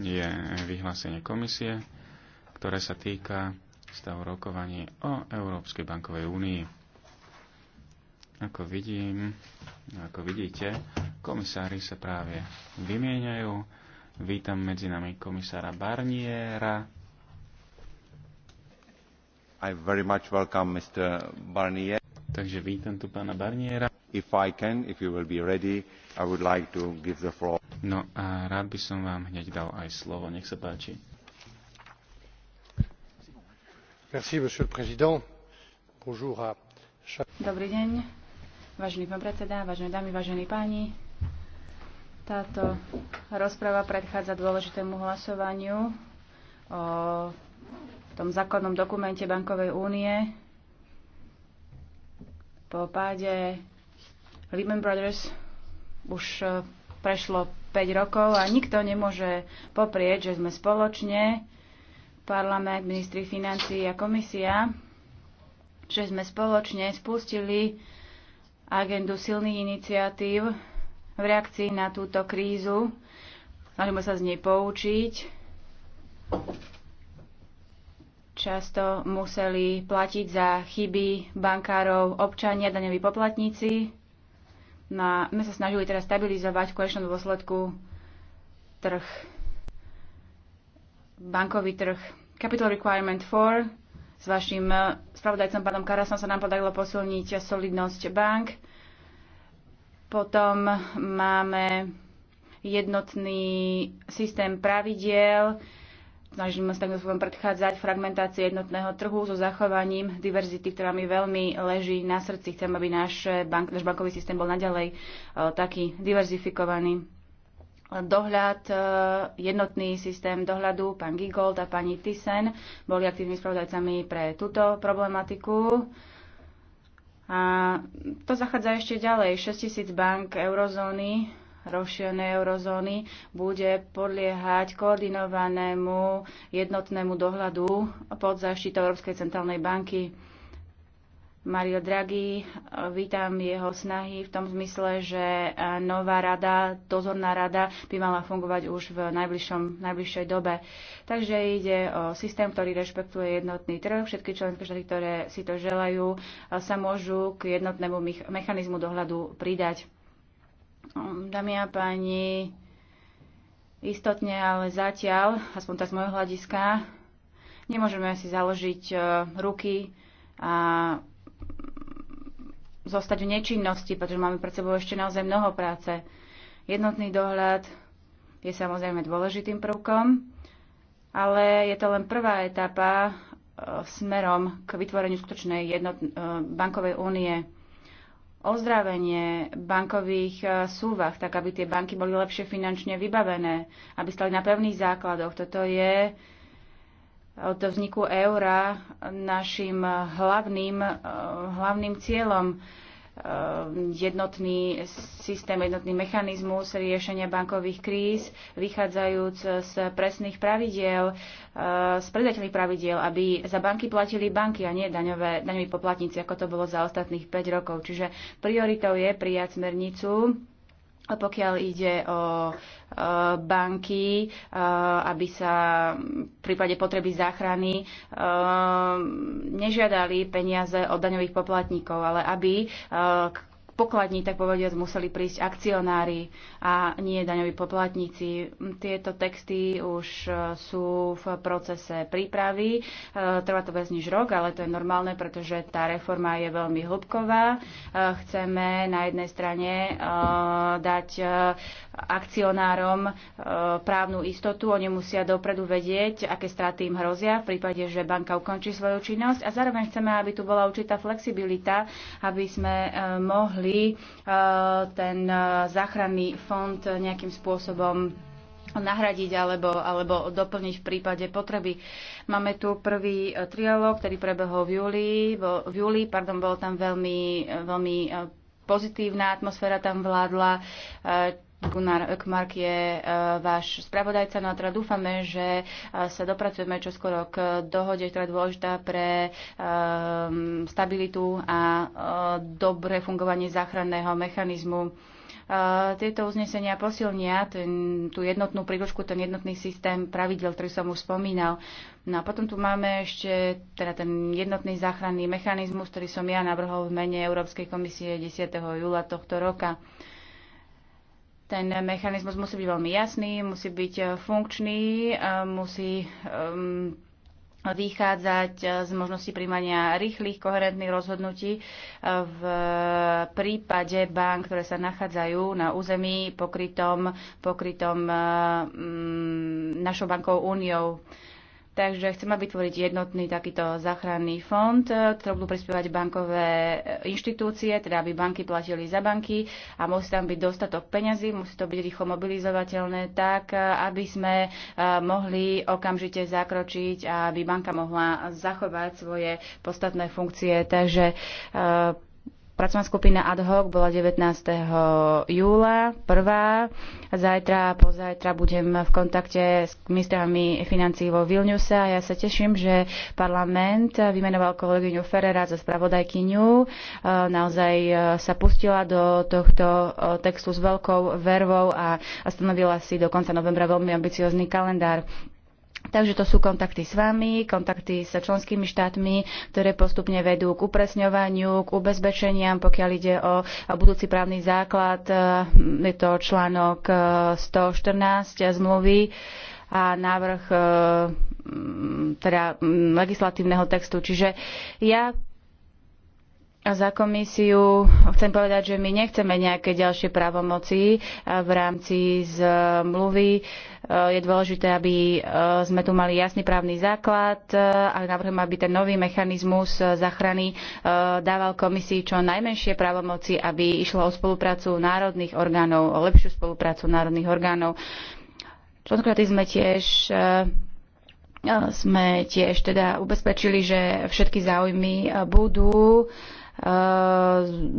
je vyhlásenie komisie, ktoré sa týka stavu rokovaní o Európskej bankovej únii. Ako vidím, ako vidíte, komisári sa práve vymieňajú. Vítam medzi nami komisára Barniera. I very much welcome Mr. Barnier. Takže vítam tu pána Barniera. If I can, if you will be ready, I would like to give the floor. No a rád by som vám hneď dal aj slovo. Nech sa páči. Merci, monsieur le président. Bonjour à Dobrý deň, vážený pán predseda, vážené dámy, vážení páni. Táto rozpráva predchádza dôležitému hlasovaniu o tom základnom dokumente Bankovej únie po páde Lehman Brothers už eh, prešlo rokov a nikto nemôže poprieť, že sme spoločne, parlament, ministri financií a komisia, že sme spoločne spustili agendu silných iniciatív v reakcii na túto krízu. Môžeme sa z nej poučiť. Často museli platiť za chyby bankárov občania, daňoví poplatníci na, my sa snažili teraz stabilizovať v konečnom dôsledku trh, bankový trh. Capital Requirement 4 s vašim eh, spravodajcom pánom Karasom sa nám podarilo posilniť solidnosť bank. Potom máme jednotný systém pravidiel, snažíme sa takým spôsobom predchádzať fragmentácii jednotného trhu so zachovaním diverzity, ktorá mi veľmi leží na srdci. Chcem, aby náš, bank, náš bankový systém bol naďalej e, taký diverzifikovaný. Dohľad, e, jednotný systém dohľadu, pán Gigold a pani Thyssen boli aktívnymi spravodajcami pre túto problematiku. A to zachádza ešte ďalej. 6000 bank eurozóny rozšírenej eurozóny bude podliehať koordinovanému jednotnému dohľadu pod zaštitou Európskej centrálnej banky. Mario Draghi, vítam jeho snahy v tom zmysle, že nová rada, dozorná rada by mala fungovať už v najbližšom, najbližšej dobe. Takže ide o systém, ktorý rešpektuje jednotný trh. Všetky členské štáty, ktoré si to želajú, sa môžu k jednotnému mechanizmu dohľadu pridať. Dámy a páni, istotne, ale zatiaľ, aspoň tak z môjho hľadiska, nemôžeme si založiť e, ruky a zostať v nečinnosti, pretože máme pred sebou ešte naozaj mnoho práce. Jednotný dohľad je samozrejme dôležitým prvkom, ale je to len prvá etapa e, smerom k vytvoreniu skutočnej e, bankovej únie ozdravenie bankových e, súvah, tak aby tie banky boli lepšie finančne vybavené, aby stali na pevných základoch. Toto je e, od vzniku eura našim e, hlavným, hlavným cieľom. Ehm, jednotný systém, jednotný mechanizmus riešenia bankových kríz, vychádzajúc z presných pravidiel, ehm, z predateľných pravidiel, aby za banky platili banky a nie daňové, daňoví poplatníci, ako to bolo za ostatných 5 rokov. Čiže prioritou je prijať smernicu pokiaľ ide o e, banky, e, aby sa v prípade potreby záchrany e, nežiadali peniaze od daňových poplatníkov, ale aby pokladní, tak povediať, museli prísť akcionári a nie daňoví poplatníci. Tieto texty už e, sú v procese prípravy. E, trvá to viac než rok, ale to je normálne, pretože tá reforma je veľmi hĺbková. E, chceme na jednej strane dať akcionárom právnu istotu. Oni musia dopredu vedieť, aké straty im hrozia v prípade, že banka ukončí svoju činnosť. A zároveň chceme, aby tu bola určitá flexibilita, aby sme mohli mohli eh, ten eh, záchranný fond nejakým spôsobom nahradiť alebo, alebo doplniť v prípade potreby. Máme tu prvý eh, trialog, ktorý prebehol v júli. V júli pardon, bolo tam veľmi, veľmi pozitívna atmosféra tam vládla Gunnar Ökmark je eh, váš spravodajca, no a teda dúfame, že eh, sa dopracujeme čoskoro k eh, dohode, ktorá je dôležitá pre stabilitu a dobré fungovanie záchranného mechanizmu. Tieto uznesenia posilnia ten, tú jednotnú príručku, ten jednotný systém pravidel, ktorý som už spomínal. No a potom tu máme ešte teda ten jednotný záchranný mechanizmus, ktorý som ja navrhol v mene Európskej komisie 10. júla tohto roka. Uh, ten mechanizmus musí byť veľmi jasný, musí byť eh, funkčný, eh, musí um, vychádzať eh, z možnosti príjmania rýchlych, koherentných rozhodnutí v prípade bank, ktoré sa nachádzajú na území pokrytom, pokrytom mm, našou bankou úniou. Takže chceme vytvoriť jednotný takýto záchranný fond, e, ktorý budú prispievať bankové e, inštitúcie, teda aby banky platili za banky a musí tam byť dostatok peňazí, musí to byť rýchlo mobilizovateľné tak, e, aby sme mohli okamžite zakročiť a aby banka mohla zachovať svoje podstatné funkcie. Takže Pracovná skupina ad hoc bola 19. júla, prvá. Zajtra a pozajtra budem v kontakte s ministrami financí vo Vilniuse a ja sa teším, že parlament vymenoval kolegyňu Ferrera za spravodajkyňu. E, naozaj e, sa pustila do tohto e, textu s veľkou vervou a stanovila si do konca novembra veľmi ambiciózny kalendár. Takže to sú kontakty s vami, kontakty s členskými štátmi, ktoré postupne vedú k upresňovaniu, k ubezpečeniam, pokiaľ ide o budúci právny základ. Je to článok 114 eh, zmluvy a návrh eh, teda legislatívneho textu. Čiže ja za komisiu chcem povedať, že my nechceme nejaké ďalšie právomoci eh, v rámci zmluvy. mluvy je dôležité, aby e, sme tu mali jasný právny základ e, a navrhujem, aby ten nový mechanizmus e, zachrany dával komisii čo najmenšie právomoci, aby išlo o spoluprácu národných orgánov, o lepšiu spoluprácu národných orgánov. Členské sme tiež sme tiež teda ubezpečili, že všetky záujmy budú E,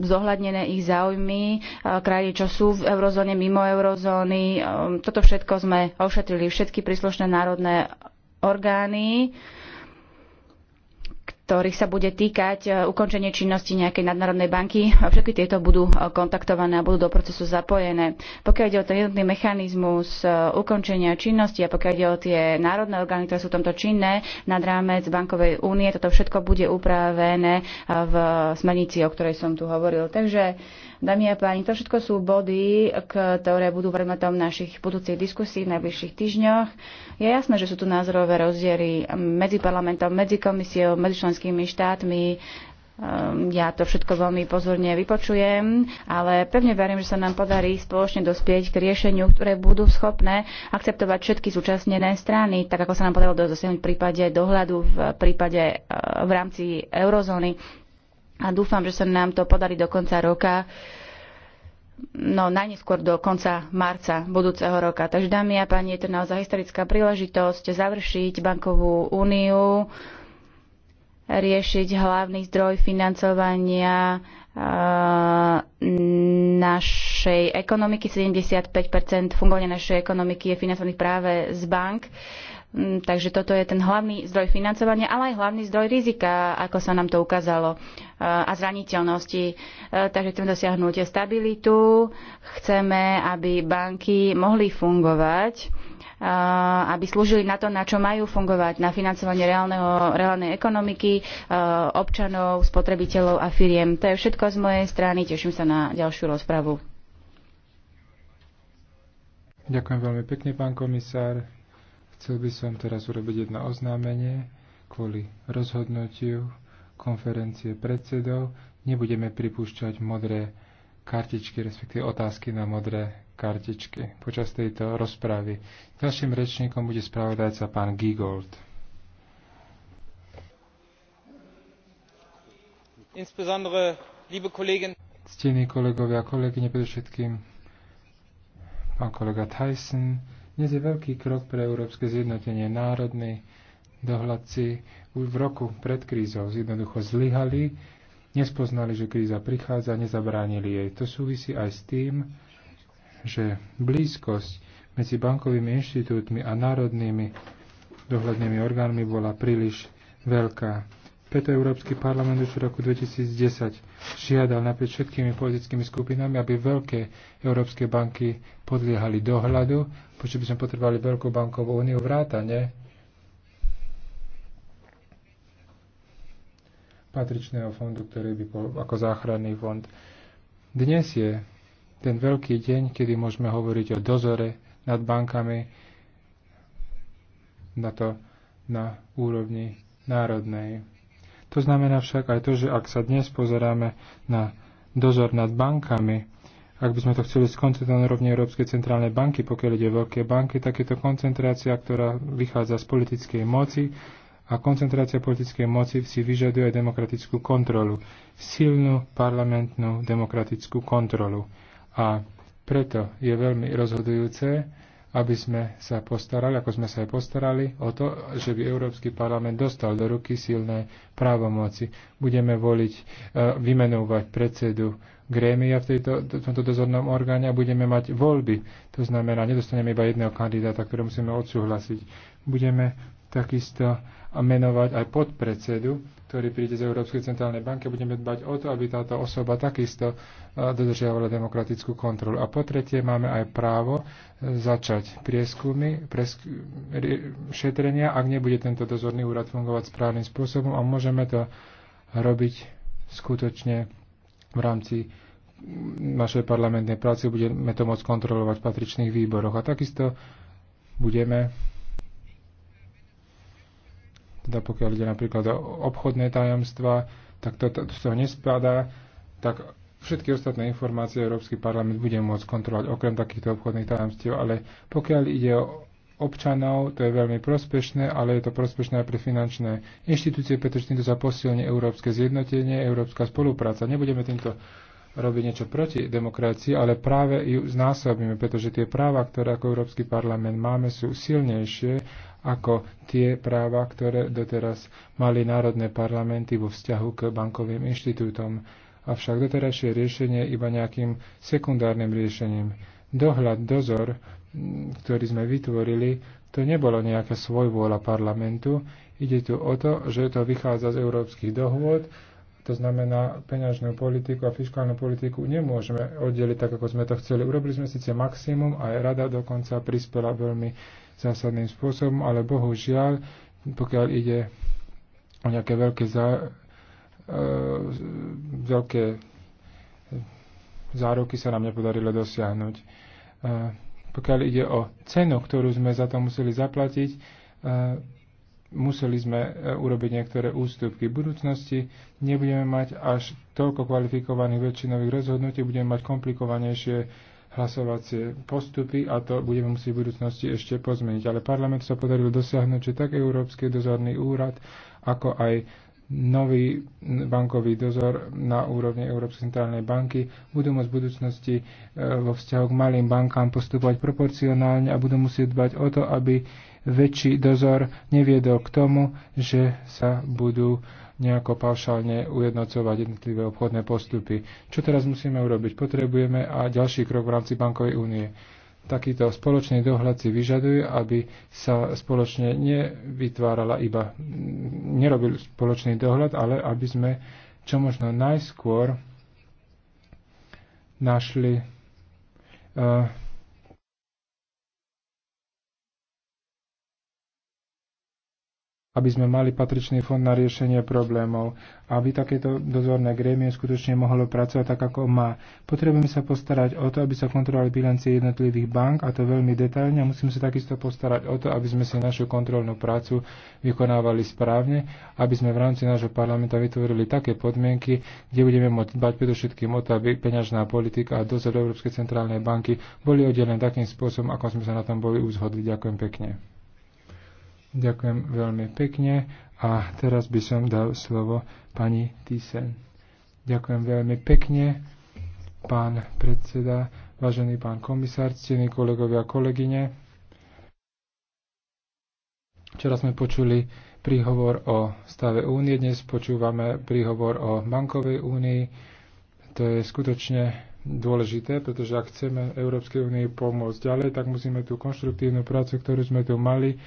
zohľadnené ich záujmy, e, krajiny, čo sú v eurozóne, mimo eurozóny. E, toto všetko sme ošetrili všetky príslušné národné orgány ktorých sa bude týkať e, ukončenie činnosti nejakej nadnárodnej banky. Všetky tieto budú e, kontaktované a budú do procesu zapojené. Pokiaľ ide o ten jednotný mechanizmus e, ukončenia činnosti a pokiaľ ide o tie národné orgány, ktoré sú v tomto činné, nad rámec bankovej únie, toto všetko bude upravené v smernici, o ktorej som tu hovoril. Takže Dámy a páni, to všetko sú body, ktoré budú predmetom našich budúcich diskusí v najbližších týždňoch. Je jasné, že sú tu názorové rozdiely medzi parlamentom, medzi komisiou, medzi člen členskými štátmi. Ehm, ja to všetko veľmi pozorne vypočujem, ale pevne verím, že sa nám podarí spoločne dospieť k riešeniu, ktoré budú schopné akceptovať všetky zúčastnené strany, tak ako sa nám podarilo dosiahnuť v prípade dohľadu, v prípade e, v rámci eurozóny. A dúfam, že sa nám to podarí do konca roka no najneskôr do konca marca budúceho roka. Takže dámy a páni, je to naozaj historická príležitosť završiť bankovú úniu riešiť hlavný zdroj financovania eh, našej ekonomiky. 75 fungovania našej ekonomiky je financovaný práve z bank. Mm, takže toto je ten hlavný zdroj financovania, ale aj hlavný zdroj rizika, ako sa nám to ukázalo, eh, a zraniteľnosti. Eh, takže chceme dosiahnuť stabilitu, chceme, aby banky mohli fungovať aby slúžili na to, na čo majú fungovať, na financovanie reálneho, reálnej ekonomiky, občanov, spotrebiteľov a firiem. To je všetko z mojej strany. Teším sa na ďalšiu rozpravu. Ďakujem veľmi pekne, pán komisár. Chcel by som teraz urobiť jedno oznámenie kvôli rozhodnutiu konferencie predsedov. Nebudeme pripúšťať modré kartičky, respektíve otázky na modré kartičke počas tejto rozpravy. Ďalším rečníkom bude spravodajca pán Gigold. Insbesondere, liebe Ctení kolegovia a kolegyne, predovšetkým pán kolega Tyson, dnes je veľký krok pre európske zjednotenie národný. Dohľadci už v roku pred krízou jednoducho zlyhali, nespoznali, že kríza prichádza, nezabránili jej. To súvisí aj s tým, že blízkosť medzi bankovými inštitútmi a národnými dohľadnými orgánmi bola príliš veľká. Preto Európsky parlament už v roku 2010 žiadal napriek všetkými politickými skupinami, aby veľké európske banky podliehali dohľadu, počo by sme potrebovali veľkú bankovú úniu vrátane patričného fondu, ktorý by bol ako záchranný fond. Dnes je ten veľký deň, kedy môžeme hovoriť o dozore nad bankami na to na úrovni národnej. To znamená však aj to, že ak sa dnes pozeráme na dozor nad bankami, ak by sme to chceli skoncentrovať na rovni Európskej centrálnej banky, pokiaľ ide o veľké banky, tak je to koncentrácia, ktorá vychádza z politickej moci a koncentrácia politickej moci si vyžaduje demokratickú kontrolu, silnú parlamentnú demokratickú kontrolu. A preto je veľmi rozhodujúce, aby sme sa postarali, ako sme sa aj postarali, o to, že by Európsky parlament dostal do ruky silné právomoci. Budeme voliť, e, vymenovať predsedu grémia v, tejto, v tomto dozornom orgáne a budeme mať voľby. To znamená, nedostaneme iba jedného kandidáta, ktoré musíme odsúhlasiť. Budeme takisto menovať aj podpredsedu ktorý príde z Európskej centrálnej banky, budeme dbať o to, aby táto osoba takisto e, dodržiavala demokratickú kontrolu. A po tretie, máme aj právo e, začať prieskumy, presk- šetrenia, ak nebude tento dozorný úrad fungovať správnym spôsobom a môžeme to robiť skutočne v rámci našej parlamentnej práce budeme to môcť kontrolovať v patričných výboroch. A takisto budeme teda pokiaľ ide napríklad o obchodné tajomstva, tak to, to, to z toho nespadá, tak všetky ostatné informácie Európsky parlament bude môcť kontrolovať okrem takýchto obchodných tajomstiev, ale pokiaľ ide o občanov, to je veľmi prospešné, ale je to prospešné aj pre finančné inštitúcie, pretože týmto sa posilní európske zjednotenie, európska spolupráca. Nebudeme týmto robiť niečo proti demokracii, ale práve ju znásobíme, pretože tie práva, ktoré ako Európsky parlament máme, sú silnejšie ako tie práva, ktoré doteraz mali národné parlamenty vo vzťahu k bankovým inštitútom. Avšak doterajšie riešenie iba nejakým sekundárnym riešením. Dohľad, dozor, mm, ktorý sme vytvorili, to nebolo nejaká svojvôľa parlamentu. Ide tu o to, že to vychádza z európskych dohôd, to znamená, peňažnú politiku a fiskálnu politiku nemôžeme oddeliť tak, ako sme to chceli. Urobili sme síce maximum a aj rada dokonca prispela veľmi zásadným spôsobom, ale bohužiaľ, pokiaľ ide o nejaké veľké, zá, e, veľké zároky, sa nám nepodarilo dosiahnuť. E, pokiaľ ide o cenu, ktorú sme za to museli zaplatiť, e, museli sme e, urobiť niektoré ústupky. V budúcnosti nebudeme mať až toľko kvalifikovaných väčšinových rozhodnutí, budeme mať komplikovanejšie hlasovacie postupy a to budeme musieť v budúcnosti ešte pozmeniť. Ale parlament sa podaril dosiahnuť, že tak Európsky dozorný úrad, ako aj nový bankový dozor na úrovni Európskej centrálnej banky budú môcť v budúcnosti e, vo vzťahu k malým bankám postupovať proporcionálne a budú musieť dbať o to, aby väčší dozor neviedol k tomu, že sa budú nejako paušálne ujednocovať jednotlivé obchodné postupy. Čo teraz musíme urobiť? Potrebujeme a ďalší krok v rámci bankovej únie. Takýto spoločný dohľad si vyžaduje, aby sa spoločne nevytvárala iba, nerobil spoločný dohľad, ale aby sme čo možno najskôr našli uh, aby sme mali patričný fond na riešenie problémov, aby takéto dozorné grémie skutočne mohlo pracovať tak, ako má. Potrebujeme sa postarať o to, aby sa kontrolovali bilancie jednotlivých bank, a to veľmi detailne, a musíme sa takisto postarať o to, aby sme si našu kontrolnú prácu vykonávali správne, aby sme v rámci nášho parlamenta vytvorili také podmienky, kde budeme môcť dbať predovšetkým o to, aby peňažná politika a dozor Európskej centrálnej banky boli oddelené takým spôsobom, ako sme sa na tom boli uzhodli. Ďakujem pekne. Ďakujem veľmi pekne a teraz by som dal slovo pani Thyssen. Ďakujem veľmi pekne, pán predseda, vážený pán komisár, ctení kolegovia a kolegyne. Včera sme počuli príhovor o stave únie, dnes počúvame príhovor o bankovej únii. To je skutočne dôležité, pretože ak chceme Európskej únii pomôcť ďalej, tak musíme tú konštruktívnu prácu, ktorú sme tu mali,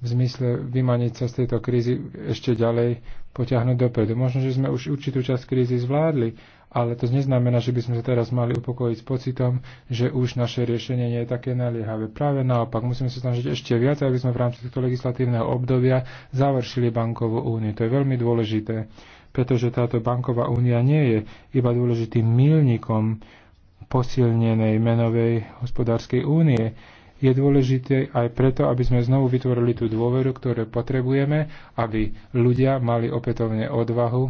v zmysle vymaniť sa z tejto krízy ešte ďalej potiahnuť dopredu. Možno, že sme už určitú časť krízy zvládli, ale to neznamená, že by sme sa teraz mali upokojiť s pocitom, že už naše riešenie nie je také naliehavé. Práve naopak, musíme sa snažiť ešte viac, aby sme v rámci tohto legislatívneho obdobia završili bankovú úniu. To je veľmi dôležité, pretože táto banková únia nie je iba dôležitým milníkom posilnenej menovej hospodárskej únie je dôležité aj preto, aby sme znovu vytvorili tú dôveru, ktoré potrebujeme, aby ľudia mali opätovne odvahu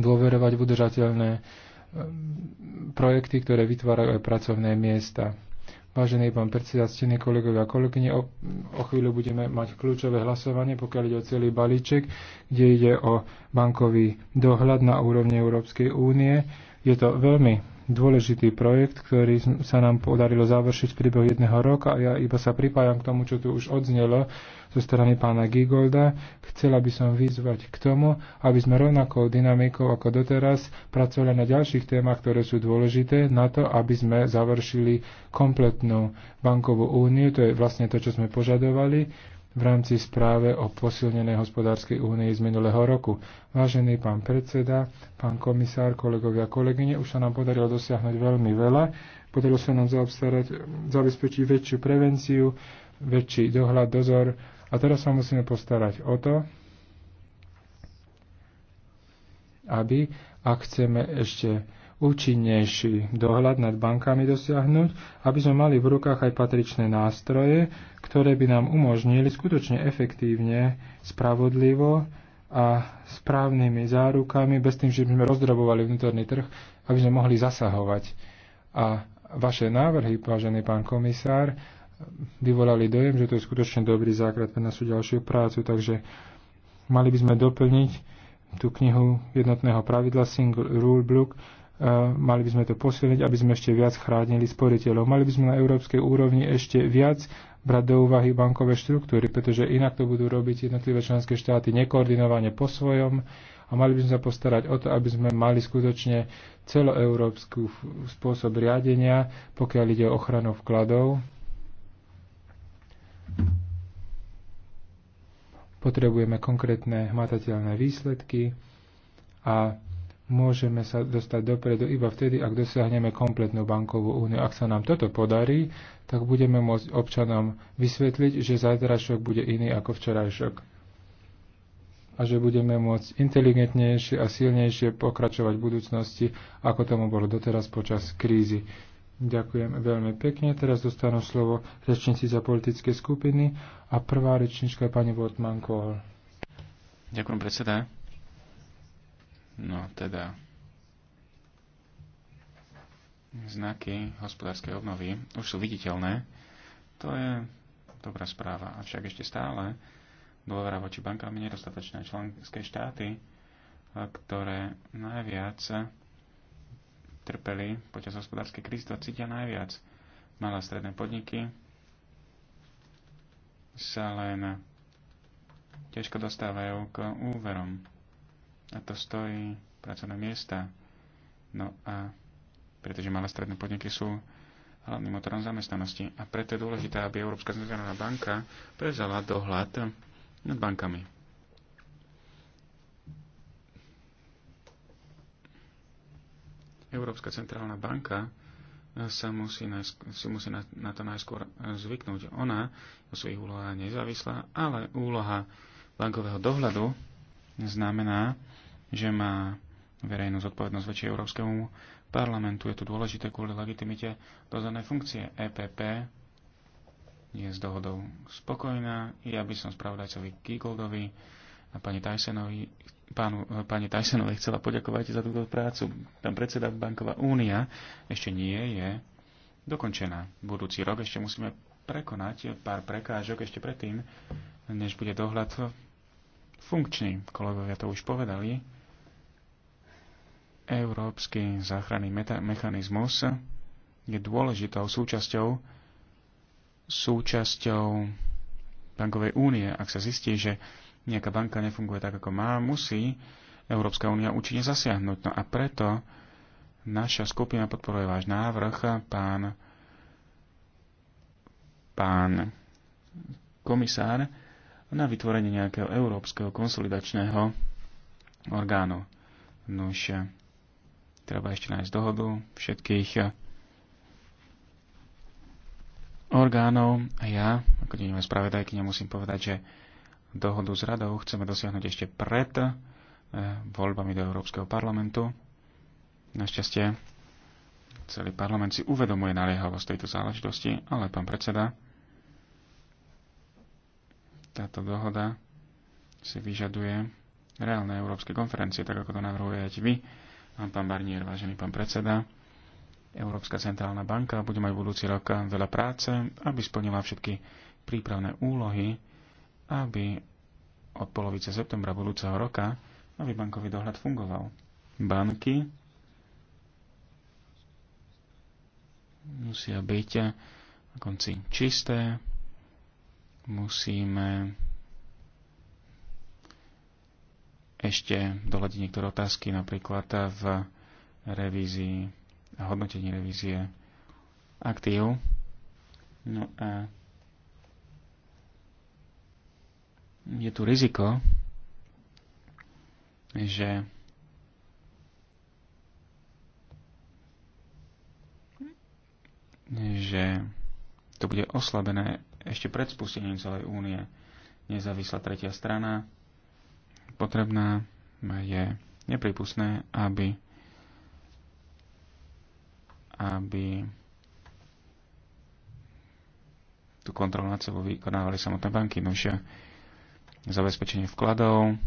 dôverovať v udržateľné e, projekty, ktoré vytvárajú aj pracovné miesta. Vážený pán predseda, ctení kolegovia a kolegyne, o, o chvíľu budeme mať kľúčové hlasovanie, pokiaľ ide o celý balíček, kde ide o bankový dohľad na úrovni Európskej únie. Je to veľmi dôležitý projekt, ktorý sa nám podarilo završiť v priebehu jedného roka a ja iba sa pripájam k tomu, čo tu už odznelo zo strany pána Gigolda. Chcela by som vyzvať k tomu, aby sme rovnakou dynamikou ako doteraz pracovali na ďalších témach, ktoré sú dôležité na to, aby sme završili kompletnú bankovú úniu. To je vlastne to, čo sme požadovali v rámci správe o posilnenej hospodárskej únii z minulého roku. Vážený pán predseda, pán komisár, kolegovia, kolegyne, už sa nám podarilo dosiahnuť veľmi veľa. Podarilo sa nám zaobstarať, zabezpečiť väčšiu prevenciu, väčší dohľad, dozor. A teraz sa musíme postarať o to, aby, ak chceme ešte účinnejší dohľad nad bankami dosiahnuť, aby sme mali v rukách aj patričné nástroje, ktoré by nám umožnili skutočne efektívne, spravodlivo a správnymi zárukami, bez tým, že by sme rozdrobovali vnútorný trh, aby sme mohli zasahovať. A vaše návrhy, vážený pán komisár, vyvolali dojem, že to je skutočne dobrý základ pre našu ďalšiu prácu, takže mali by sme doplniť tú knihu jednotného pravidla Single Rule Book mali by sme to posilniť, aby sme ešte viac chránili sporiteľov. Mali by sme na európskej úrovni ešte viac brať do úvahy bankové štruktúry, pretože inak to budú robiť jednotlivé členské štáty nekoordinovane po svojom a mali by sme sa postarať o to, aby sme mali skutočne celoeurópsku spôsob riadenia, pokiaľ ide o ochranu vkladov. Potrebujeme konkrétne hmatateľné výsledky a môžeme sa dostať dopredu iba vtedy, ak dosiahneme kompletnú bankovú úniu. Ak sa nám toto podarí, tak budeme môcť občanom vysvetliť, že zajtrašok bude iný ako včerajšok a že budeme môcť inteligentnejšie a silnejšie pokračovať v budúcnosti, ako tomu bolo doteraz počas krízy. Ďakujem veľmi pekne. Teraz dostanú slovo rečníci za politické skupiny a prvá rečnička je pani Wortmann-Kohl. Ďakujem predseda. No teda znaky hospodárskej obnovy už sú viditeľné. To je dobrá správa. Avšak ešte stále dôvera voči bankám je nedostatočná. Členské štáty, ktoré najviac trpeli počas hospodárskej krízy, to cítia najviac. Malé a stredné podniky sa len ťažko dostávajú k úverom a to stojí pracovné miesta. No a pretože malé stredné podniky sú hlavným motorom zamestnanosti a preto je dôležité, aby Európska centrálna banka prezala dohľad nad bankami. Európska centrálna banka sa musí, si musí na, na to najskôr zvyknúť. Ona o svojich úlohách nezávislá, ale úloha bankového dohľadu znamená že má verejnú zodpovednosť voči Európskemu parlamentu. Je to dôležité kvôli legitimite dozornej funkcie EPP. Je s dohodou spokojná. Ja by som spravodajcovi Gigoldovi a pani Tysonovi, pánu, pani Tysonovej chcela poďakovať za túto prácu. Tam predseda Banková únia ešte nie je dokončená. Budúci rok ešte musíme prekonať pár prekážok ešte predtým, než bude dohľad funkčný. Kolegovia to už povedali Európsky záchranný mechanizmus je dôležitou súčasťou súčasťou bankovej únie. Ak sa zistí, že nejaká banka nefunguje tak, ako má, musí Európska únia účinne zasiahnuť. No a preto naša skupina podporuje váš návrh, pán, pán komisár, na vytvorenie nejakého európskeho konsolidačného orgánu. Nože. Treba ešte nájsť dohodu všetkých eh, orgánov a ja, ako deňová spravedajkyňa, musím povedať, že dohodu s radou chceme dosiahnuť ešte pred eh, voľbami do Európskeho parlamentu. Našťastie celý parlament si uvedomuje naliehavosť tejto záležitosti, ale pán predseda, táto dohoda si vyžaduje reálne európske konferencie, tak ako to navrhujete vy pán Barnier, vážený pán predseda. Európska centrálna banka bude mať budúci rok veľa práce, aby splnila všetky prípravné úlohy, aby od polovice septembra budúceho roka, aby bankový dohľad fungoval. Banky musia byť na konci čisté, musíme ešte dohľadiť niektoré otázky, napríklad v revízii, hodnotení revízie aktív. No a je tu riziko, že že to bude oslabené ešte pred spustením celej únie. Nezávislá tretia strana potrebná, je nepripustné, aby aby tú kontrolu nad sebou vykonávali samotné banky. Nože zabezpečenie vkladov,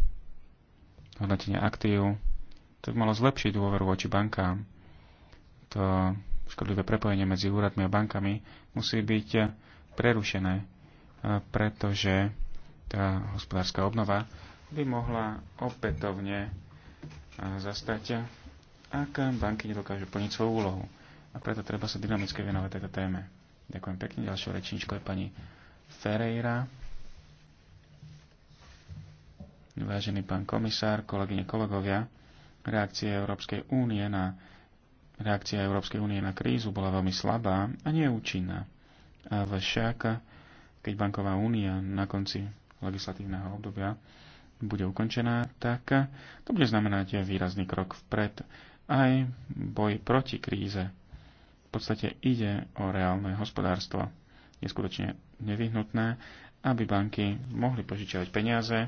hodnotenie aktív, to by malo zlepšiť dôveru voči bankám. To škodlivé prepojenie medzi úradmi a bankami musí byť prerušené, pretože tá hospodárska obnova by mohla opätovne e, zastať, ak banky nedokážu plniť svoju úlohu. A preto treba sa dynamicky venovať tejto téme. Ďakujem pekne. Ďalšou rečničkou je pani Ferreira. Vážený pán komisár, kolegyne, kolegovia, reakcia Európskej únie na, reakcia Európskej únie na krízu bola veľmi slabá a neúčinná. Avšak, keď Banková únia na konci legislatívneho obdobia bude ukončená, tak to bude znamenať výrazný krok vpred aj boj proti kríze. V podstate ide o reálne hospodárstvo. Je skutočne nevyhnutné, aby banky mohli požičiavať peniaze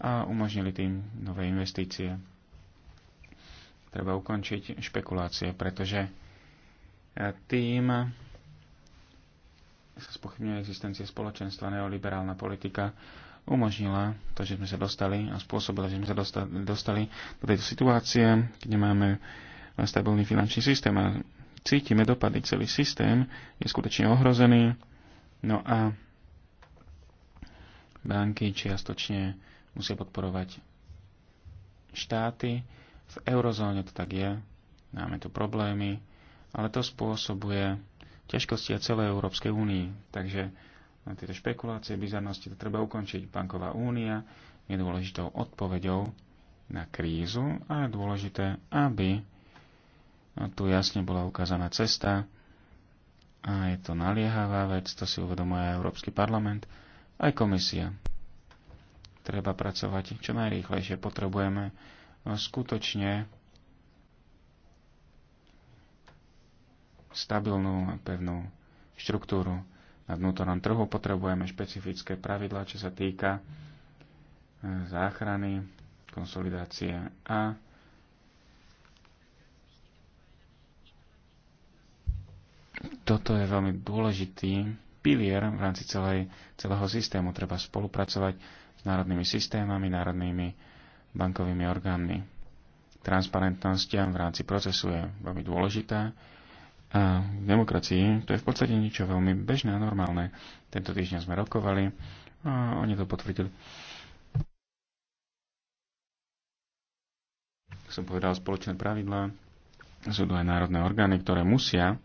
a umožnili tým nové investície. Treba ukončiť špekulácie, pretože tým sa spochybňuje existencia spoločenstva, neoliberálna politika umožnila to, že sme sa dostali a spôsobila, že sme sa dostali, dostali do tejto situácie, kde máme stabilný finančný systém a cítime dopady. Celý systém je skutočne ohrozený. No a banky čiastočne musia podporovať štáty. V eurozóne to tak je. Máme tu problémy, ale to spôsobuje ťažkosti a celej Európskej únii. Takže na tieto špekulácie, bizarnosti, to treba ukončiť. Banková únia je dôležitou odpoveďou na krízu a je dôležité, aby tu jasne bola ukázaná cesta a je to naliehavá vec, to si uvedomuje aj Európsky parlament, aj komisia. Treba pracovať čo najrýchlejšie, potrebujeme skutočne stabilnú a pevnú štruktúru na vnútornom trhu. Potrebujeme špecifické pravidlá, čo sa týka e, záchrany, konsolidácie a toto je veľmi dôležitý pilier v rámci celej, celého systému. Treba spolupracovať s národnými systémami, národnými bankovými orgánmi. Transparentnosť v rámci procesu je veľmi dôležitá a v demokracii to je v podstate niečo veľmi bežné a normálne. Tento týždeň sme rokovali a oni to potvrdili. Som povedal spoločné pravidlá, sú to aj národné orgány, ktoré musia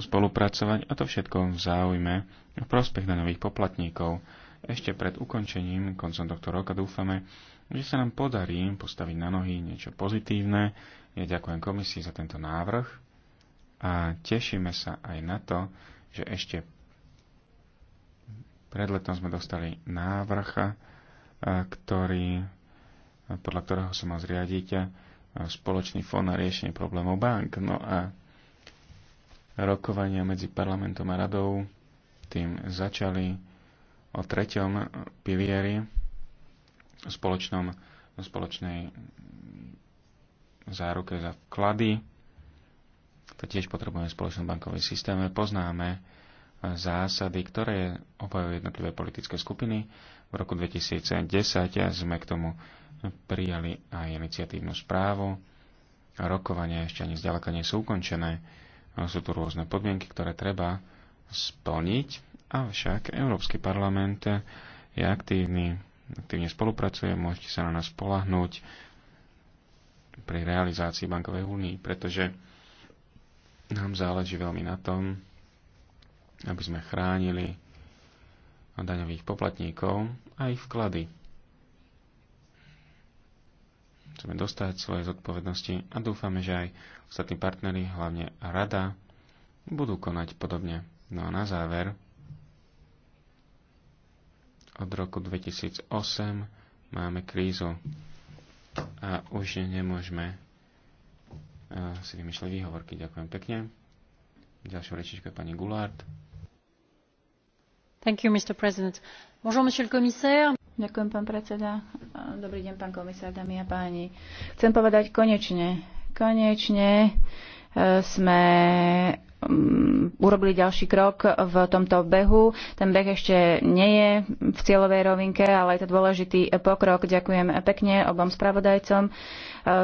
spolupracovať a to všetko v záujme v prospech na nových poplatníkov. Ešte pred ukončením, koncom tohto roka dúfame, že sa nám podarí postaviť na nohy niečo pozitívne. Ja ďakujem komisii za tento návrh a tešíme sa aj na to, že ešte pred letom sme dostali návrh, e, ktorý, e, podľa ktorého sa má zriadiť e, spoločný fond na riešenie problémov bank. No a rokovania medzi parlamentom a radou tým začali o treťom pilieri spoločnom, spoločnej záruke za vklady to tiež potrebujeme v spoločnom bankovom systéme. Poznáme e, zásady, ktoré obhajujú jednotlivé politické skupiny. V roku 2010 sme k tomu prijali aj iniciatívnu správu. Rokovania ešte ani zďaleka nie sú ukončené. E, sú tu rôzne podmienky, ktoré treba splniť. Avšak Európsky parlament je aktívny, aktívne spolupracuje, môžete sa na nás spolahnúť pri realizácii bankovej únii, pretože nám záleží veľmi na tom, aby sme chránili daňových poplatníkov a ich vklady. Chceme dostať svoje zodpovednosti a dúfame, že aj ostatní partnery, hlavne rada, budú konať podobne. No a na záver, od roku 2008 máme krízu a už nemôžeme si vymýšľať výhovorky. Ďakujem pekne. Ďalšou rečičkou je pani Goulart. Thank you, Mr. President. Bonjour, monsieur le commissaire. Ďakujem, pán predseda. Dobrý deň, pán komisár, dámy a páni. Chcem povedať konečne, konečne eh, sme Um, urobili ďalší krok v tomto behu. Ten beh ešte nie je v cieľovej rovinke, ale je to dôležitý pokrok. Ďakujem pekne obom spravodajcom uh,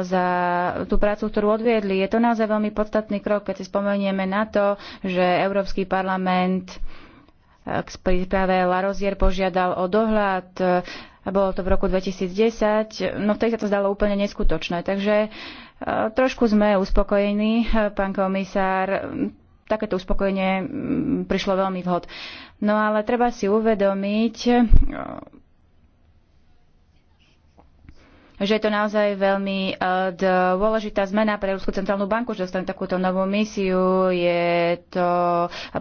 za tú prácu, ktorú odviedli. Je to naozaj veľmi podstatný krok, keď si spomenieme na to, že Európsky parlament uh, k príprave Larozier požiadal o dohľad uh, bolo to v roku 2010, no vtedy sa to zdalo úplne neskutočné. Takže trošku sme uspokojení, pán komisár, takéto uspokojenie mm, prišlo veľmi vhod. No ale treba si uvedomiť, že je to naozaj veľmi e, dôležitá zmena pre Európsku centrálnu banku, že dostane takúto novú misiu. Je to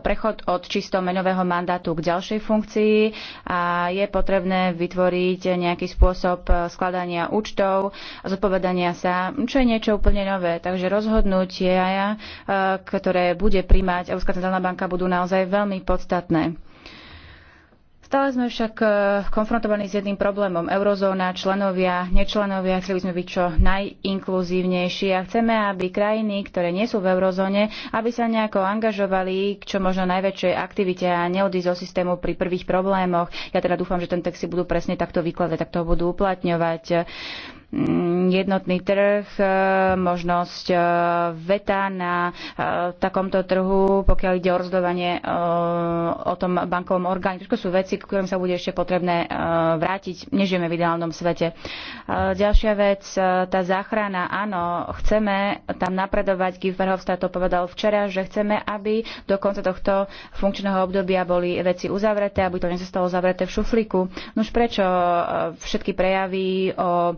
prechod od čisto menového mandátu k ďalšej funkcii a je potrebné vytvoriť nejaký spôsob e, skladania účtov a zodpovedania sa, čo je niečo úplne nové. Takže rozhodnutie, ktoré bude príjmať Európska centrálna banka, budú naozaj veľmi podstatné. Stále sme však eh, konfrontovaní s jedným problémom. Eurozóna, členovia, nečlenovia, chceli sme byť čo najinkluzívnejší a chceme, aby krajiny, ktoré nie sú v eurozóne, aby sa nejako angažovali k čo možno najväčšej aktivite a neodísť zo systému pri prvých problémoch. Ja teda dúfam, že ten text si budú presne takto vykladať, takto ho budú uplatňovať. Mm, jednotný trh, e, možnosť e, veta na e, takomto trhu, pokiaľ ide o rozhodovanie o tom bankovom orgáne. To sú veci, k ktorým sa bude ešte potrebné vrátiť. Nežijeme v ideálnom svete. Ďalšia vec, tá záchrana. Áno, chceme tam napredovať. Guy Verhofstadt to povedal včera, že chceme, aby do konca tohto funkčného obdobia boli veci uzavreté, aby to nezostalo zavreté v šuflíku. No už prečo všetky prejavy o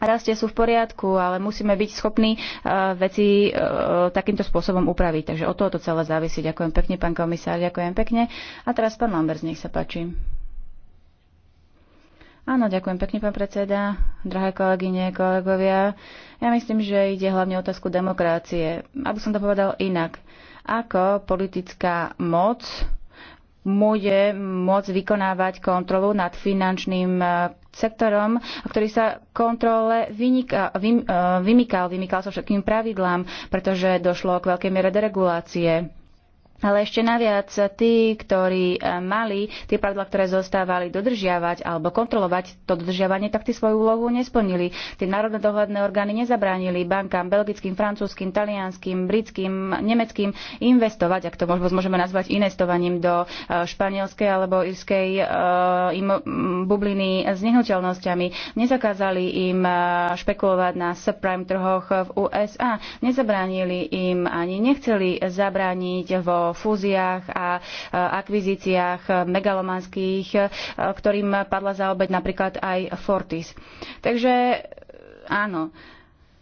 rastie sú v poriadku, ale musíme byť schopní e, veci e, takýmto spôsobom upraviť. Takže o toho to celé závisí. Ďakujem pekne, pán komisár, ďakujem pekne. A teraz pán Lambers, nech sa páči. Áno, ďakujem pekne, pán predseda, drahé kolegyne, kolegovia. Ja myslím, že ide hlavne o otázku demokracie. Aby som to povedal inak. Ako politická moc bude môcť vykonávať kontrolu nad finančným e, sektorom, ktorý sa kontrole vynika, e, vymykal, vymykal sa so všetkým pravidlám, pretože došlo k veľkej miere deregulácie ale ešte naviac tí, ktorí e, mali tie pravidla, ktoré zostávali dodržiavať alebo kontrolovať to dodržiavanie, tak tí svoju úlohu nesplnili. Tie národné dohľadné orgány nezabránili bankám belgickým, francúzským, talianským, britským, nemeckým investovať, ak to môžeme nazvať investovaním do e, španielskej alebo e, im bubliny s nehnuteľnosťami. Nezakázali im špekulovať na subprime trhoch v USA. Nezabránili im ani nechceli zabrániť vo fúziách a akvizíciách megalomanských, e, ktorým padla za obeď napríklad aj Fortis. Takže áno,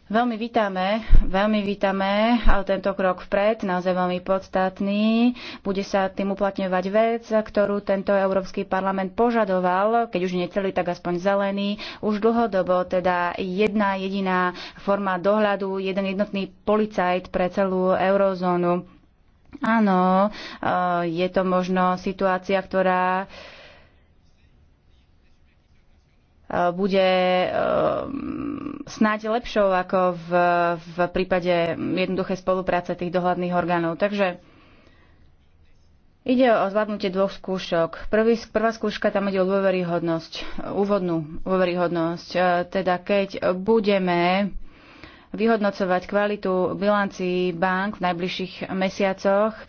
Veľmi vítame, veľmi vítame ale tento krok vpred, naozaj veľmi podstatný. Bude sa tým uplatňovať vec, ktorú tento Európsky parlament požadoval, keď už nie celý, tak aspoň zelený, už dlhodobo, teda jedna jediná forma dohľadu, jeden jednotný policajt pre celú eurozónu. Áno, eh, je to možno situácia, ktorá eh, bude eh, snáď lepšou ako v, v prípade jednoduché spolupráce tých dohľadných orgánov. Takže ide o zvládnutie dvoch skúšok. Prvý, prvá skúška tam ide o dôveryhodnosť, úvodnú dôveryhodnosť. Teda keď budeme vyhodnocovať kvalitu bilancií bank v najbližších mesiacoch. E,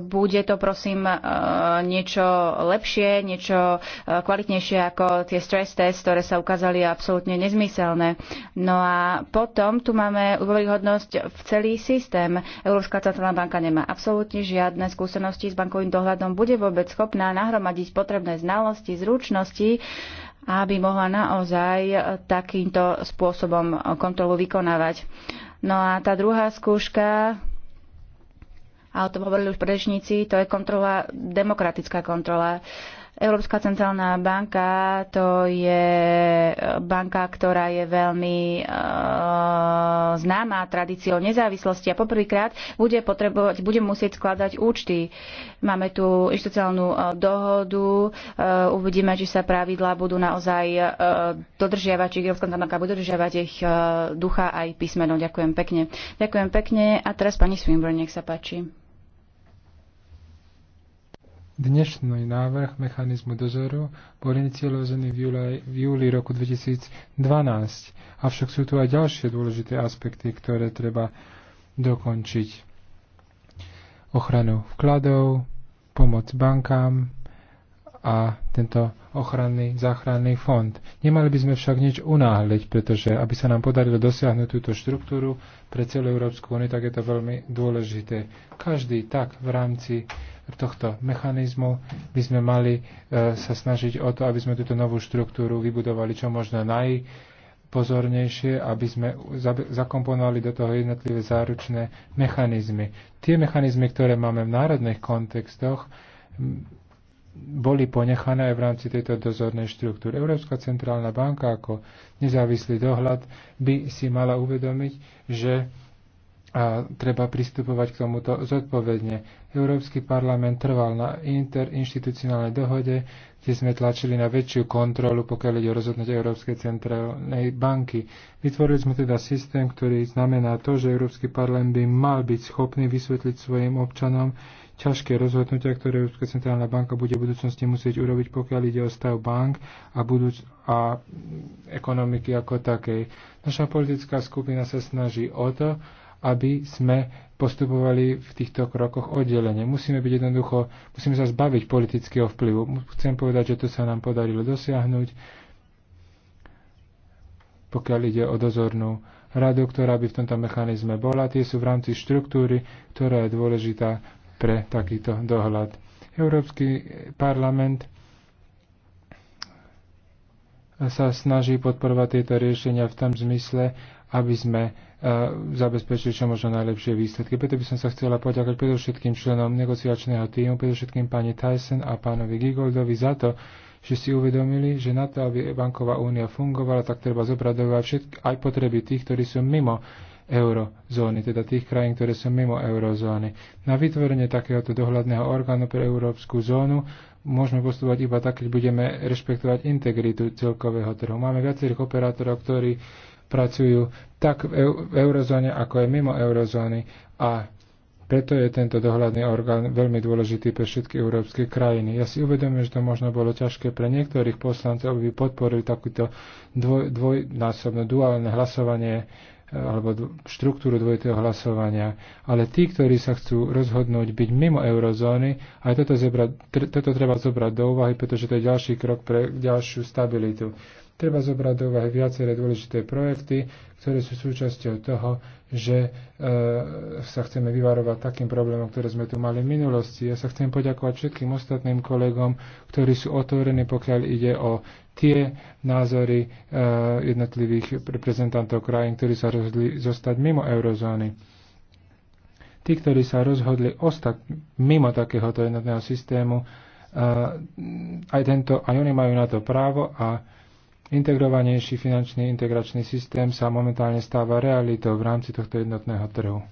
bude to, prosím, e, niečo lepšie, niečo e, kvalitnejšie ako tie stress test, ktoré sa ukázali absolútne nezmyselné. No a potom tu máme úveryhodnosť v celý systém. Európska centrálna banka nemá absolútne žiadne skúsenosti s bankovým dohľadom. Bude vôbec schopná nahromadiť potrebné znalosti, zručnosti, aby mohla naozaj takýmto spôsobom kontrolu vykonávať. No a tá druhá skúška, a o tom hovorili už prežníci, to je kontrola, demokratická kontrola. Uh, Európska centrálna banka to je e, banka, ktorá je veľmi e, známa tradíciou nezávislosti a poprvýkrát bude, potrebovať, bude musieť skladať účty. Máme tu inštitucionálnu e, dohodu, e, uvidíme, či sa pravidlá budú naozaj e, dodržiavať, či Európska centrálna banka bude dodržiavať ich e, ducha aj písmeno. Ďakujem pekne. Ďakujem pekne a teraz pani Swinburne, nech sa páči. Dnešný návrh mechanizmu dozoru bol iniciálozený v júli, v júli roku 2012, avšak sú tu aj ďalšie dôležité aspekty, ktoré treba dokončiť. Ochranu vkladov, pomoc bankám a tento ochranný záchranný fond. Nemali by sme však nič unáhliť, pretože aby sa nám podarilo dosiahnuť túto štruktúru pre celú Európsku úniu, tak je to veľmi dôležité. Každý tak v rámci tohto mechanizmu by sme mali e, sa snažiť o to, aby sme túto novú štruktúru vybudovali čo možno naj pozornejšie, aby sme zakomponovali do toho jednotlivé záručné mechanizmy. Tie mechanizmy, ktoré máme v národných kontextoch, boli ponechané aj v rámci tejto dozornej štruktúry. Európska centrálna banka ako nezávislý dohľad by si mala uvedomiť, že a treba pristupovať k tomuto zodpovedne. Európsky parlament trval na interinstitucionálnej dohode, kde sme tlačili na väčšiu kontrolu, pokiaľ ide o rozhodnutie Európskej centrálnej banky. Vytvorili sme teda systém, ktorý znamená to, že Európsky parlament by mal byť schopný vysvetliť svojim občanom ťažké rozhodnutia, ktoré Európska centrálna banka bude v budúcnosti musieť urobiť, pokiaľ ide o stav bank a, budúc- a ekonomiky ako takej. Naša politická skupina sa snaží o to, aby sme postupovali v týchto krokoch oddelenie. Musíme byť jednoducho, musíme sa zbaviť politického vplyvu. Chcem povedať, že to sa nám podarilo dosiahnuť, pokiaľ ide o dozornú radu, ktorá by v tomto mechanizme bola. Tie sú v rámci štruktúry, ktorá je dôležitá pre takýto dohľad. Európsky parlament sa snaží podporovať tieto riešenia v tom zmysle, aby sme e, zabezpečili čo možno najlepšie výsledky. Preto by som sa chcela poďakovať predovšetkým členom negociačného týmu, predovšetkým pani Tyson a pánovi Gigoldovi za to, že si uvedomili, že na to, aby banková únia fungovala, tak treba zobradovať všetky, aj potreby tých, ktorí sú mimo eurozóny, teda tých krajín, ktoré sú mimo eurozóny. Na vytvorenie takéhoto dohľadného orgánu pre európsku zónu môžeme postupovať iba tak, keď budeme rešpektovať integritu celkového trhu. Máme viacerých operátorov, ktorí pracujú tak v eurozóne, ako aj mimo eurozóny a preto je tento dohľadný orgán veľmi dôležitý pre všetky európske krajiny. Ja si uvedomujem, že to možno bolo ťažké pre niektorých poslancov, aby podporili takúto dvoj, dvojnásobné duálne hlasovanie eh, alebo štruktúru dvojitého hlasovania. Ale tí, ktorí sa chcú rozhodnúť byť mimo eurozóny, aj toto, zebra, toto treba zobrať do úvahy, pretože to je ďalší krok pre ďalšiu stabilitu. Treba zobrať do úvahy viaceré dôležité projekty, ktoré sú súčasťou toho, že e, sa chceme vyvarovať takým problémom, ktoré sme tu mali v minulosti. Ja sa chcem poďakovať všetkým ostatným kolegom, ktorí sú otvorení, pokiaľ ide o tie názory e, jednotlivých reprezentantov krajín, ktorí sa rozhodli zostať mimo eurozóny. Tí, ktorí sa rozhodli ostať mimo takéhoto jednotného systému, e, aj, tento, aj oni majú na to právo a Integrovanejší finančný integračný systém sa momentálne stáva realitou v rámci tohto jednotného trhu.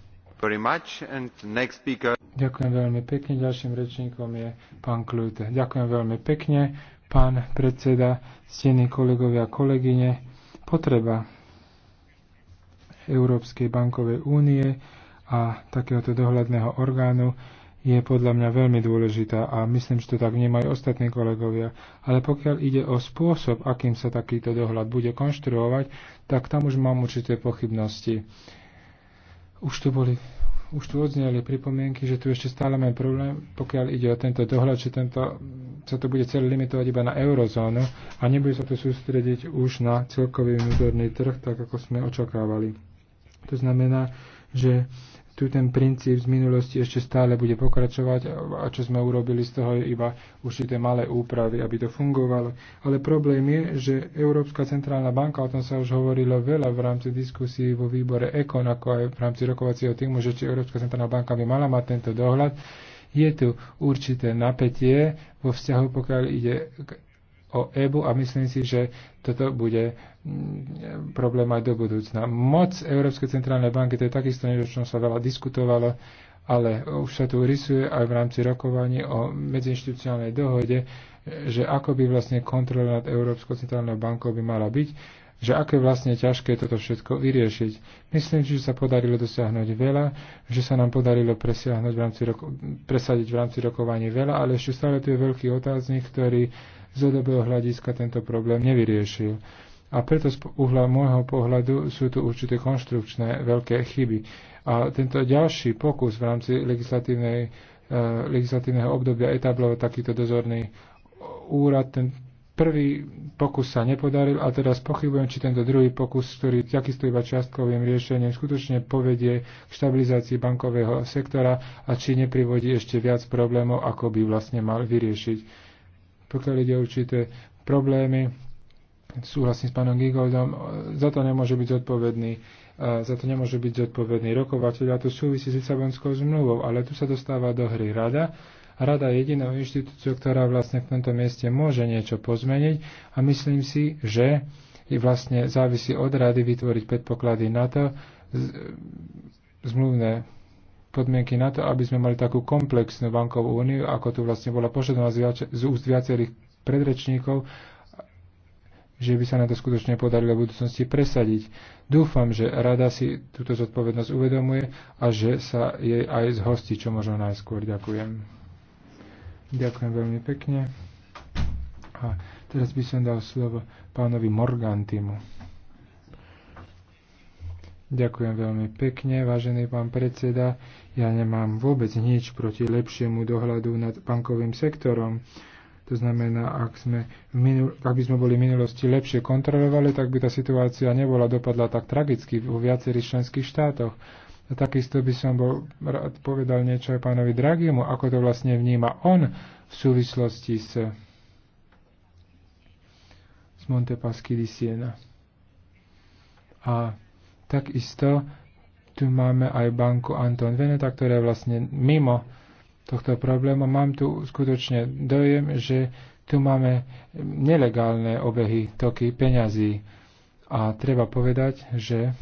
Speaker... Ďakujem veľmi pekne. Ďalším rečníkom je pán Klute. Ďakujem veľmi pekne, pán predseda, stení kolegovia a kolegyne. Potreba Európskej bankovej únie a takéhoto dohľadného orgánu je podľa mňa veľmi dôležitá a myslím, že to tak vnímajú ostatní kolegovia. Ale pokiaľ ide o spôsob, akým sa takýto dohľad bude konštruovať, tak tam už mám určité pochybnosti. Už tu boli už tu odzneli pripomienky, že tu ešte stále máme problém, pokiaľ ide o tento dohľad, že tento, sa to bude celý limitovať iba na eurozónu a nebude sa to sústrediť už na celkový vnútorný trh, tak ako sme očakávali. To znamená, že tu ten princíp z minulosti ešte stále bude pokračovať a čo sme urobili z toho je iba určité malé úpravy, aby to fungovalo. Ale problém je, že Európska centrálna banka, o tom sa už hovorilo veľa v rámci diskusí vo výbore ECON, ako aj v rámci rokovacieho týmu, že či Európska centrálna banka by mala mať tento dohľad, je tu určité napätie vo vzťahu, pokiaľ ide k o EBU a myslím si, že toto bude mm, problém aj do budúcna. Moc Európskej centrálnej banky, to je takisto niečo, čo sa veľa diskutovalo, ale už sa tu rysuje aj v rámci rokovaní o medziinstitucionálnej dohode, že ako by vlastne kontrola nad Európskou centrálnou bankou by mala byť, že aké vlastne ťažké toto všetko vyriešiť. Myslím, že sa podarilo dosiahnuť veľa, že sa nám podarilo presiahnuť v rámci roko- presadiť v rámci rokovaní veľa, ale ešte stále tu je veľký otáznik, ktorý z dlhodobého hľadiska tento problém nevyriešil. A preto z uhla môjho pohľadu sú tu určité konštrukčné veľké chyby. A tento ďalší pokus v rámci legislatívnej, e, legislatívneho obdobia etablovať takýto dozorný úrad, ten prvý pokus sa nepodaril a teraz pochybujem, či tento druhý pokus, ktorý takisto iba čiastkovým riešením skutočne povedie k štabilizácii bankového sektora a či neprivodí ešte viac problémov, ako by vlastne mal vyriešiť pokiaľ ide o určité problémy, súhlasím s pánom Gigoldom, za to nemôže byť zodpovedný za to nemôže byť zodpovedný rokovateľ a to súvisí s Lisabonskou zmluvou, ale tu sa dostáva do hry rada. Rada je jedinou inštitúciou, ktorá vlastne v tomto mieste môže niečo pozmeniť a myslím si, že vlastne závisí od rady vytvoriť predpoklady na to, zmluvné podmienky na to, aby sme mali takú komplexnú bankovú úniu, ako tu vlastne bola požadovaná z úst viacerých predrečníkov, že by sa na to skutočne podarilo v budúcnosti presadiť. Dúfam, že rada si túto zodpovednosť uvedomuje a že sa jej aj zhostí čo možno najskôr. Ďakujem. Ďakujem veľmi pekne. A teraz by som dal slovo pánovi Morgantimu. Ďakujem veľmi pekne, vážený pán predseda. Ja nemám vôbec nič proti lepšiemu dohľadu nad bankovým sektorom. To znamená, ak, sme v minul- ak by sme boli v minulosti lepšie kontrolovali, tak by tá situácia nebola dopadla tak tragicky vo viacerých členských štátoch. A takisto by som bol rád povedal niečo aj pánovi Dragiemu, ako to vlastne vníma on v súvislosti s, s Montepasky di Siena. A Takisto tu máme aj banku Anton Veneta, ktorá je vlastne mimo tohto problému. Mám tu skutočne dojem, že tu máme nelegálne obehy, toky peňazí. A treba povedať, že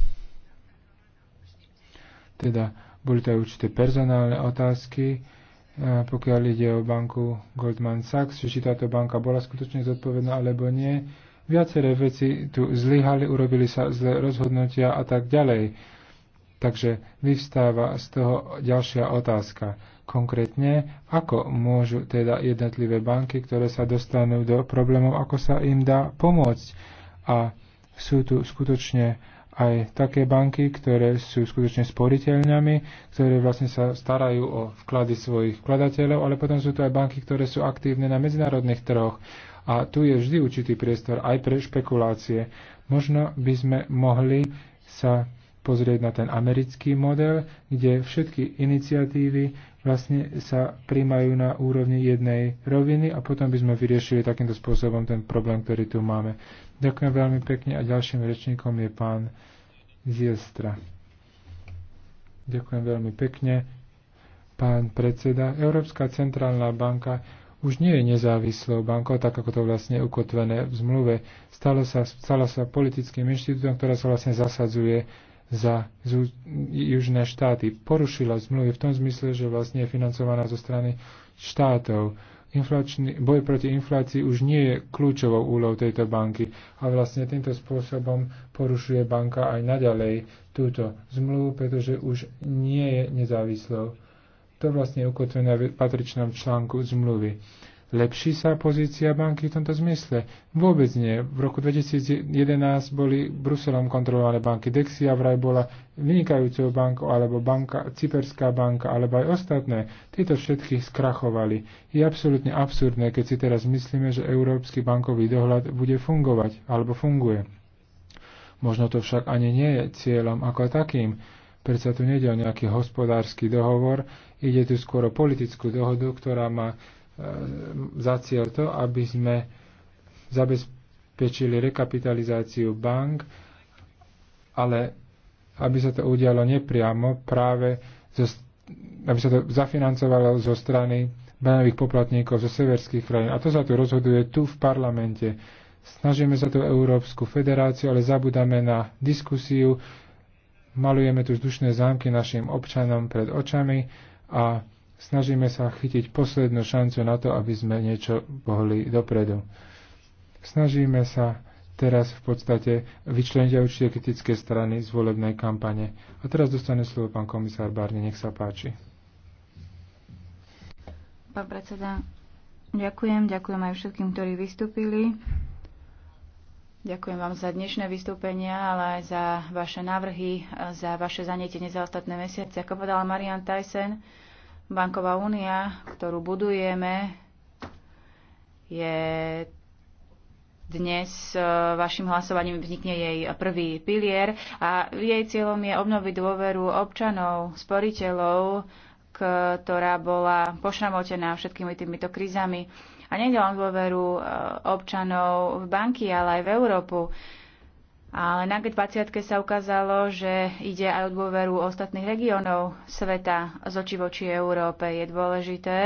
teda boli to aj určité personálne otázky, e, pokiaľ ide o banku Goldman Sachs, či táto banka bola skutočne zodpovedná alebo nie. Viaceré veci tu zlyhali, urobili sa zlé rozhodnutia a tak ďalej. Takže vyvstáva z toho ďalšia otázka. Konkrétne, ako môžu teda jednotlivé banky, ktoré sa dostanú do problémov, ako sa im dá pomôcť. A sú tu skutočne aj také banky, ktoré sú skutočne sporiteľňami, ktoré vlastne sa starajú o vklady svojich vkladateľov, ale potom sú tu aj banky, ktoré sú aktívne na medzinárodných trhoch. A tu je vždy určitý priestor aj pre špekulácie. Možno by sme mohli sa pozrieť na ten americký model, kde všetky iniciatívy vlastne sa príjmajú na úrovni jednej roviny a potom by sme vyriešili takýmto spôsobom ten problém, ktorý tu máme. Ďakujem veľmi pekne a ďalším rečníkom je pán Ziestra. Ďakujem veľmi pekne. Pán predseda, Európska centrálna banka už nie je nezávislou bankou, tak ako to vlastne je ukotvené v zmluve. Stalo sa, stala sa politickým inštitútom, ktorá sa vlastne zasadzuje za južné štáty. Porušila zmluvy v tom zmysle, že vlastne je financovaná zo strany štátov. Inflačný, boj proti inflácii už nie je kľúčovou úlohou tejto banky a vlastne týmto spôsobom porušuje banka aj naďalej túto zmluvu, pretože už nie je nezávislou to vlastne je ukotvené v patričnom článku zmluvy. Lepší sa pozícia banky v tomto zmysle? Vôbec nie. V roku 2011 boli Bruselom kontrolované banky. Dexia vraj bola vynikajúcou bankou, alebo banka, Cyperská banka, alebo aj ostatné. Tieto všetky skrachovali. Je absolútne absurdné, keď si teraz myslíme, že európsky bankový dohľad bude fungovať, alebo funguje. Možno to však ani nie je cieľom ako takým. Prečo tu nejde o nejaký hospodársky dohovor, ide tu skôr o politickú dohodu, ktorá má e, za cieľ to, aby sme zabezpečili rekapitalizáciu bank, ale aby sa to udialo nepriamo, práve zo, aby sa to zafinancovalo zo strany daňových poplatníkov zo severských krajín. A to sa tu rozhoduje tu v parlamente. Snažíme sa tu Európsku federáciu, ale zabudáme na diskusiu, malujeme tu vzdušné zámky našim občanom pred očami a snažíme sa chytiť poslednú šancu na to, aby sme niečo pohli dopredu. Snažíme sa teraz v podstate vyčleniť aj určite kritické strany z volebnej kampane. A teraz dostane slovo pán komisár Barne, nech sa páči. Pán predseda, ďakujem, ďakujem aj všetkým, ktorí vystúpili. Ďakujem vám za dnešné vystúpenia, ale aj za vaše návrhy, za vaše zanietenie za ostatné mesiace. Ako povedala Marian Tyson, Banková únia, ktorú budujeme, je dnes e, vašim hlasovaním vznikne jej prvý pilier a jej cieľom je obnoviť dôveru občanov, sporiteľov, ktorá bola pošramotená všetkými týmito krízami. A nejde len dôveru e, občanov v banky, ale aj v Európu. Ale na G20 sa ukázalo, že ide aj o dôveru ostatných regiónov sveta z oči voči Európe. Je dôležité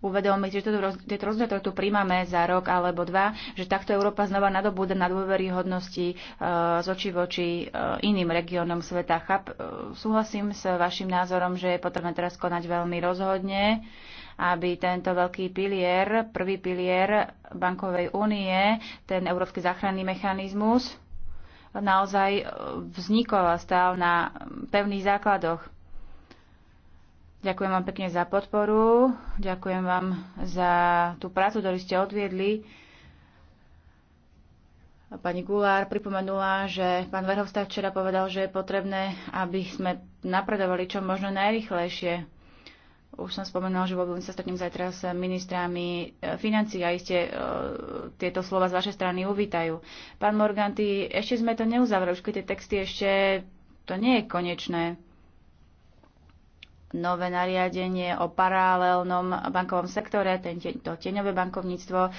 uvedomiť, že tieto rozdiel, ktoré tu príjmame za rok alebo dva, že takto Európa znova nadobúda na dôveryhodnosti e, z oči voči e, iným regiónom sveta. Chap, súhlasím s vašim názorom, že je potrebné teraz konať veľmi rozhodne aby tento veľký pilier, prvý pilier bankovej únie, ten európsky záchranný mechanizmus, naozaj vznikol a stál na pevných základoch. Ďakujem vám pekne za podporu, ďakujem vám za tú prácu, ktorú ste odviedli. Pani Gulár pripomenula, že pán Verhovstav včera povedal, že je potrebné, aby sme napredovali čo možno najrychlejšie už som spomenula, že vo sa stretnem zajtra s ministrami e, financií a iste e, tieto slova z vašej strany uvítajú. Pán Morganti, ešte sme to neuzavreli, už keď tie texty ešte to nie je konečné. Nové nariadenie o paralelnom bankovom sektore, to tieňové bankovníctvo, e,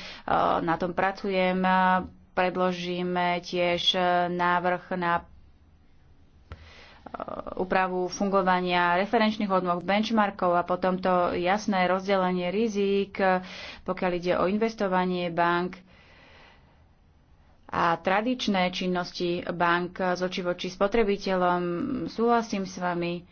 na tom pracujem, predložíme tiež návrh na úpravu fungovania referenčných hodnot, benchmarkov a potom to jasné rozdelenie rizík, pokiaľ ide o investovanie bank a tradičné činnosti bank z oči spotrebiteľom. Súhlasím s vami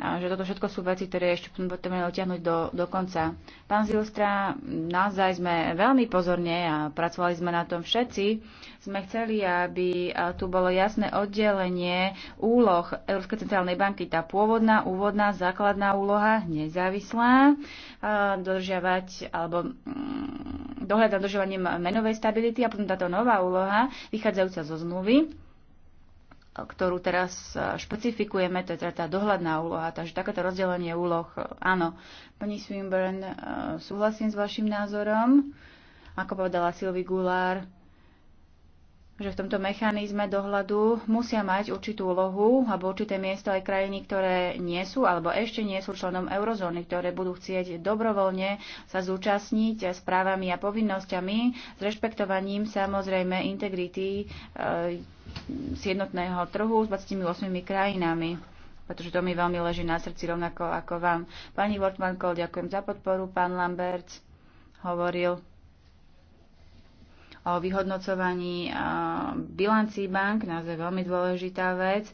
a že toto všetko sú veci, ktoré ešte potrebujeme dotiahnuť do, do konca. Pán Zilstra, naozaj sme veľmi pozorne a pracovali sme na tom všetci. Sme chceli, aby tu bolo jasné oddelenie úloh Európskej centrálnej banky. Tá pôvodná, úvodná, základná úloha, nezávislá, dodržiavať alebo mm, dohľad nad dodržovaním menovej stability a potom táto nová úloha, vychádzajúca zo zmluvy, ktorú teraz e, špecifikujeme, to je teda tá dohľadná úloha, takže takéto rozdelenie úloh, e, áno. Pani Swinburne, e, súhlasím s vašim názorom. Ako povedala Sylvie Goulart, že v tomto mechanizme dohľadu musia mať určitú úlohu alebo určité miesto aj krajiny, ktoré nie sú alebo ešte nie sú členom eurozóny, ktoré budú chcieť dobrovoľne sa zúčastniť s právami a povinnosťami, s rešpektovaním samozrejme integrity eh, z jednotného trhu s 28 krajinami pretože to mi veľmi leží na srdci rovnako ako vám. Pani Wortmanko, ďakujem za podporu. Pán Lambert hovoril o vyhodnocovaní bilancí bank, naozaj veľmi dôležitá vec.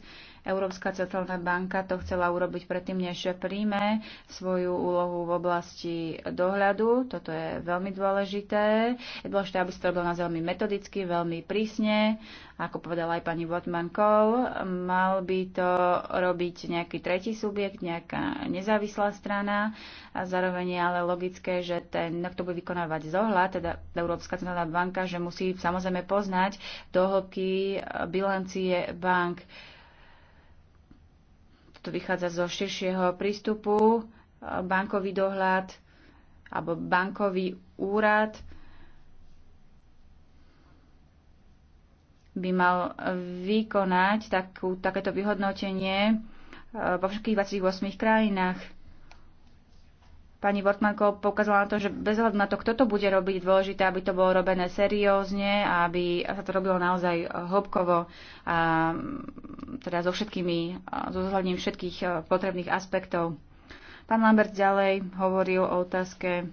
Európska centrálna banka to chcela urobiť predtým, než príjme svoju úlohu v oblasti dohľadu. Toto je veľmi dôležité. Je dôležité, aby sa to robilo nás veľmi metodicky, veľmi prísne. Ako povedala aj pani Votman Kohl, mal by to robiť nejaký tretí subjekt, nejaká nezávislá strana. A zároveň je ale logické, že ten, kto bude vykonávať zohľad, teda Európska centrálna banka, že musí samozrejme poznať dohlbky bilancie bank to vychádza zo širšieho prístupu, e, bankový dohľad alebo bankový úrad by mal vykonať takú, takéto vyhodnotenie e, vo všetkých 28 krajinách. Pani Wortmanko poukázala na to, že bez hľadu na to, kto to bude robiť, dôležité, aby to bolo robené seriózne a aby sa to robilo naozaj hĺbkovo, a, teda so všetkými, so zohľadním všetkých e, potrebných aspektov. Pán Lambert ďalej hovoril o otázke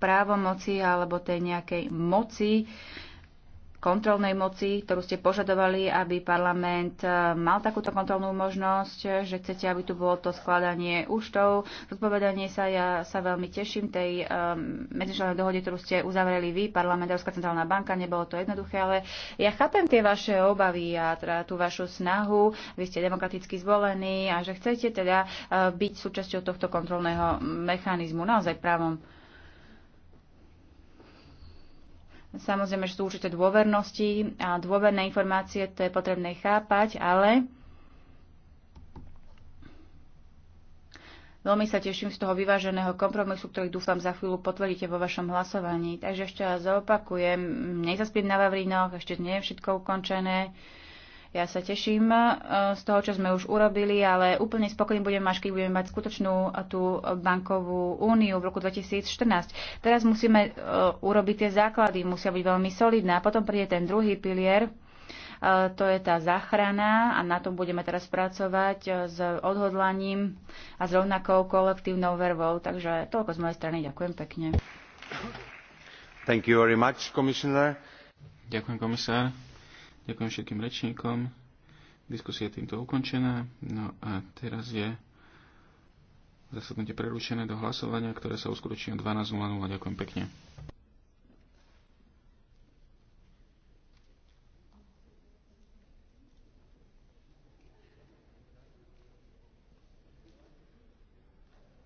právomoci alebo tej nejakej moci, kontrolnej moci, ktorú ste požadovali, aby parlament eh, mal takúto kontrolnú možnosť, že chcete, aby tu bolo to skladanie úštov. Zodpovedanie sa, ja sa veľmi teším tej um, eh, medzinárodnej dohode, ktorú ste uzavreli vy, parlament, Európska centrálna banka, nebolo to jednoduché, ale ja chápem tie vaše obavy a teda tú vašu snahu, vy ste demokraticky zvolení a že chcete teda eh, byť súčasťou tohto kontrolného mechanizmu, naozaj právom Samozrejme, že sú určité dôvernosti a dôverné informácie, to je potrebné chápať, ale veľmi sa teším z toho vyváženého kompromisu, ktorý dúfam za chvíľu potvrdíte vo vašom hlasovaní. Takže ešte raz zaopakujem, nezaspím na Vavrinoch, ešte nie je všetko ukončené. Ja sa teším e, z toho, čo sme už urobili, ale úplne spokojný budem až, keď budeme mať skutočnú e, tú bankovú úniu v roku 2014. Teraz musíme e, urobiť tie základy, musia byť veľmi solidné a potom príde ten druhý pilier, to je tá záchrana a na tom budeme teraz pracovať s odhodlaním a s rovnakou kolektívnou vervou. Takže toľko z mojej strany. Ďakujem pekne. Thank you very much, Ďakujem, komisár. Ďakujem všetkým rečníkom. Diskusia je týmto ukončená. No a teraz je zasadnutie prerušené do hlasovania, ktoré sa uskutoční o 12.00. Ďakujem pekne.